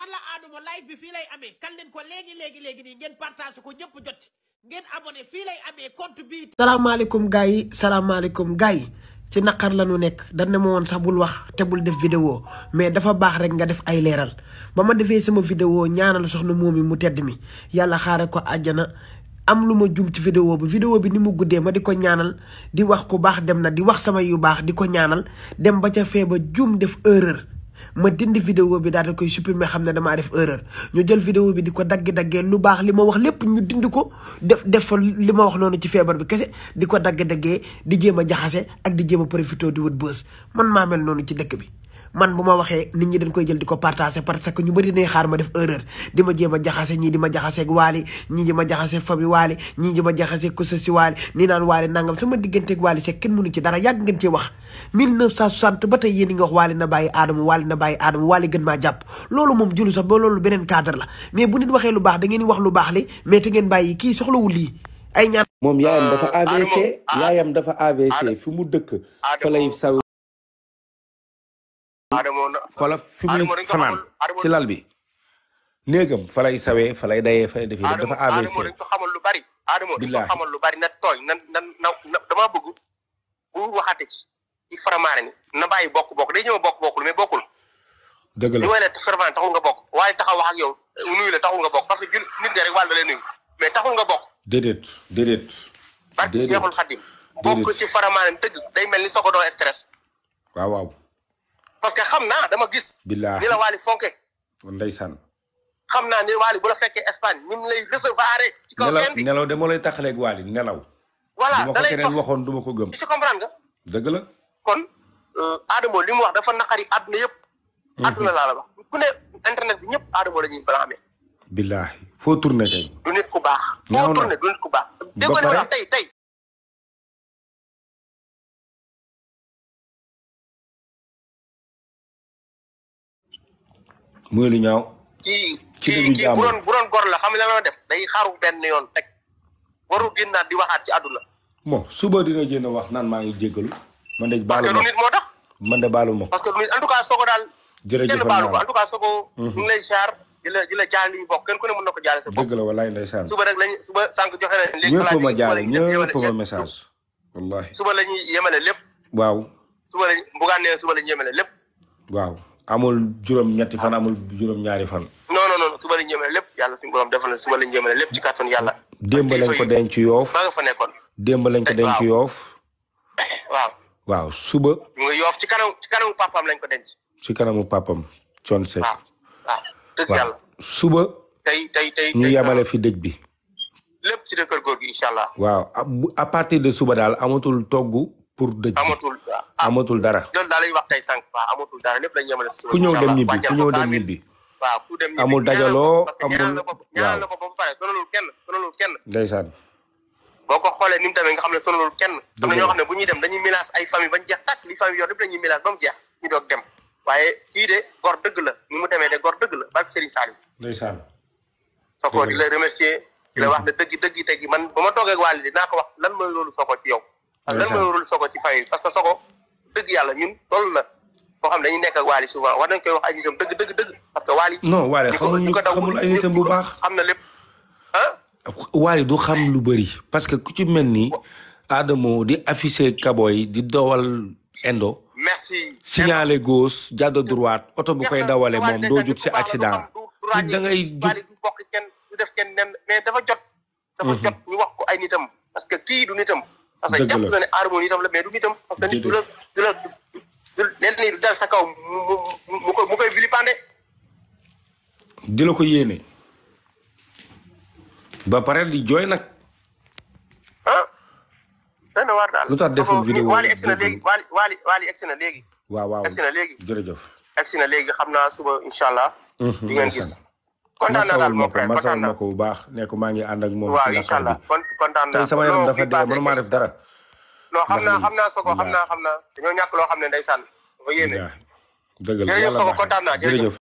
alla aaduma live bi fii lay amee kan leen ko léegi léegi léegi nii ngeen partage ko ñëpp jot ngeen abonné fii amee compte bi. salaamaaleykum gars yi salaamaaleykum gars yi ci naqar la ñu nekk dañ ne ma woon sax bul wax te bul def vidéo mais dafa baax rek nga def ay leeral ba ma defee sama vidéo ñaanal soxna moomi mu tedd mi yàlla xaare ko àjjana. am lu ma jum ci vidéo bi vidéo bi ni mu guddee ma di ko ñaanal di wax ku baax dem na di wax sama yu baax di ko ñaanal dem ba ca fee ba jum def erreur ma dindi vidéo bi daal di koy supprimer xam ne damaa def erreur ñu jël video bi di ko dagg-daggee lu baax li ma wax lépp ñu dindi ko def def fa li ma wax noonu ci feebar bi kese di ko dagg dagge di jéem a jaxase ak di jéem a profité di wut man maa mel noonu ci dëkk bi. man bu ma waxee nit ñi dañ koy jël di ko partager parce que ñu bari ne xaar ma def erreur di ma jéem a jaxase ñii di ma jaxasee waali ñii di ma jaxase fabi waali ñii di waali nii naan waali nangam sama digganteeg waali seeg kenn mënu ci dara yàgg ngeen cee wax 1960 ba tey yéen i nga wax waali na bàyyi aadama waali na bàyyi aadama waali gën maa jàpp loolu moom julu sax ba loolu beneen cadre la mais bu nit waxee lu baax da wax lu baax li mais te ngeen bàyyi lii ay ñaan moom yaayam dafa AVC yaayam dafa AVC fi mu dëkk fa lay saw xoolal fi mu fanaan ci lal bi néegam fa lay sawee fa lay dayee fa lay defee dafa AVC lu bari Adamo lu bari na tooñ na na na damaa bëgg bu waxate ci ci na bàyyi bokk-bokk day ñëw bokk-bokkul mais bokkul dëgg la ñu woy la bokk waaye taxaw wax yow nuyu la nga bokk parce que jul nit nga nga bokk déedéet déedéet barki Seexul Xadim bokk ci faramaare tëgg day mel ni soo ko doo stress waaw waaw parce que xam naa dama gis. billaahi ni la Waly fonke. ndeysaan. xam naa ni Waly bu la fekkee Espagne ni mu lay recevoir. ci kaw de moo lay taxaleeg Waly nelaw. voilà da ko keneen waxoon du ma ko gëm. kon euh, Adamo li mu wax dafa naqari àdduna yëpp. Mhm. àdduna laa la ne internet bi ñëpp Adamo la ñuy blâmer. billaahi foo tourné tey. du nit ku baax. foo tourné du nit ku baax. dégg wax tey tey. muy lu ñaaw. ci kii kii bu doon bu doon gor la xam nga la def day xaru benn yoon teg waru génnaat di waxaat ci àdduna. bon suba dina génn wax naan maa ngi jéggalu. man de baalu ma parce que du moo tax. man de baalu ma parce que du nit en Sogo daal. jërëjëf baalu ko en tout cas Sogo. Mhm. ñu ngi lay siyaar di la di la jaal li ñu bokk kenn ko jaale sa bopp. la walaay ndeysaan suba rek lañu suba sànq joxe nañ. léegi ñëpp ma jaale ñëpp ma message. wallaahi suba la ñuy yemale lépp. waaw suba lañ bugaan nee suba la ñuy yemale lépp. waaw amul juróom-ñetti fan amul juróom-ñaari fan. non non non suba la ñu lépp yàlla suñu borom defal na suba la ñu yemale lépp ci kàttan yàlla. lañ ko denc yoof ba nga fa nekkoon. démb ko denc yoof. waaw suba. mu yoof ci kanamu ci kanamu papaam lañ ko denc. ci kanamu papaam Thione Seck. waaw suba. tey tey tey ñu yamale fi dëj bi. lépp ci kër góor gi incha allah. waaw à partir de suba daal amatul togg. pour dëj amatul ah, amatul dara. loolu daal lañuy wax tey sànq waaw amatul dara lépp lañu yemale. ku ñëw dem ñibbi ku ñëw dem ñibbi. waaw ku dem ñibbi amul dajaloo ko boo ko xoolee ni mu tamit xam ne sonalul kenn. dëgg la ne bu ñuy dem dañuy mélange ay famille bañ jeex ñu doog dem waaye kii de gor dëgg la ni mu demee de gor dëgg la barke Serigne Saliou. ndeysaan. Soko di la remercier di la wax dëgg dëgg tegi man ba ma toogee ak Waly dinaa ko wax lan mooy loolu Soko ci yow lan mooy warul ci fay parce que Sokko yàlla ñun loolu la foo xam ne dañuy nekk ak Wally souvent war nañ koy wax ay nitam parce que Wally non Wally xamul xamul ay nitam bu baax xam na lépp ah du xam lu bëri parce que ku ci mel ni Adamo di affiché kaboy di dowal endo merci signalé gauche jàdd droite oto bu koy dawale moom doo jug si accident da ngay du bokk kenn du def kenn nen mais dafa jot dafa mhm. jot ñu wax ko ay nitam parce que kii du nitam parce que jàpp nga ne harmonie itam la mais du du la du la du leen du dal sa kaw mu mu koy vilipande di la ko yéene ba pare di jooy nag ah da na waar daal lu tax deful vidéo waali egsi na léegi waali waali waali na léegi waaw waaw egsi na léegi jërëjëf egsi na léegi xam naa suba incha allah mhm, di ngeen kontaan na daal moom kay kontaan na ko bu baax ne ko maa ngi ànd ak moom. waaw incha sama yaram dafa dee mënu maa def dara. non xam naa xam naa Sokone xam naa xam naa. dañoo loo xam ne ndeysaan dafa yéene. dëgg la yàlla jërëjëf Sokone kontaan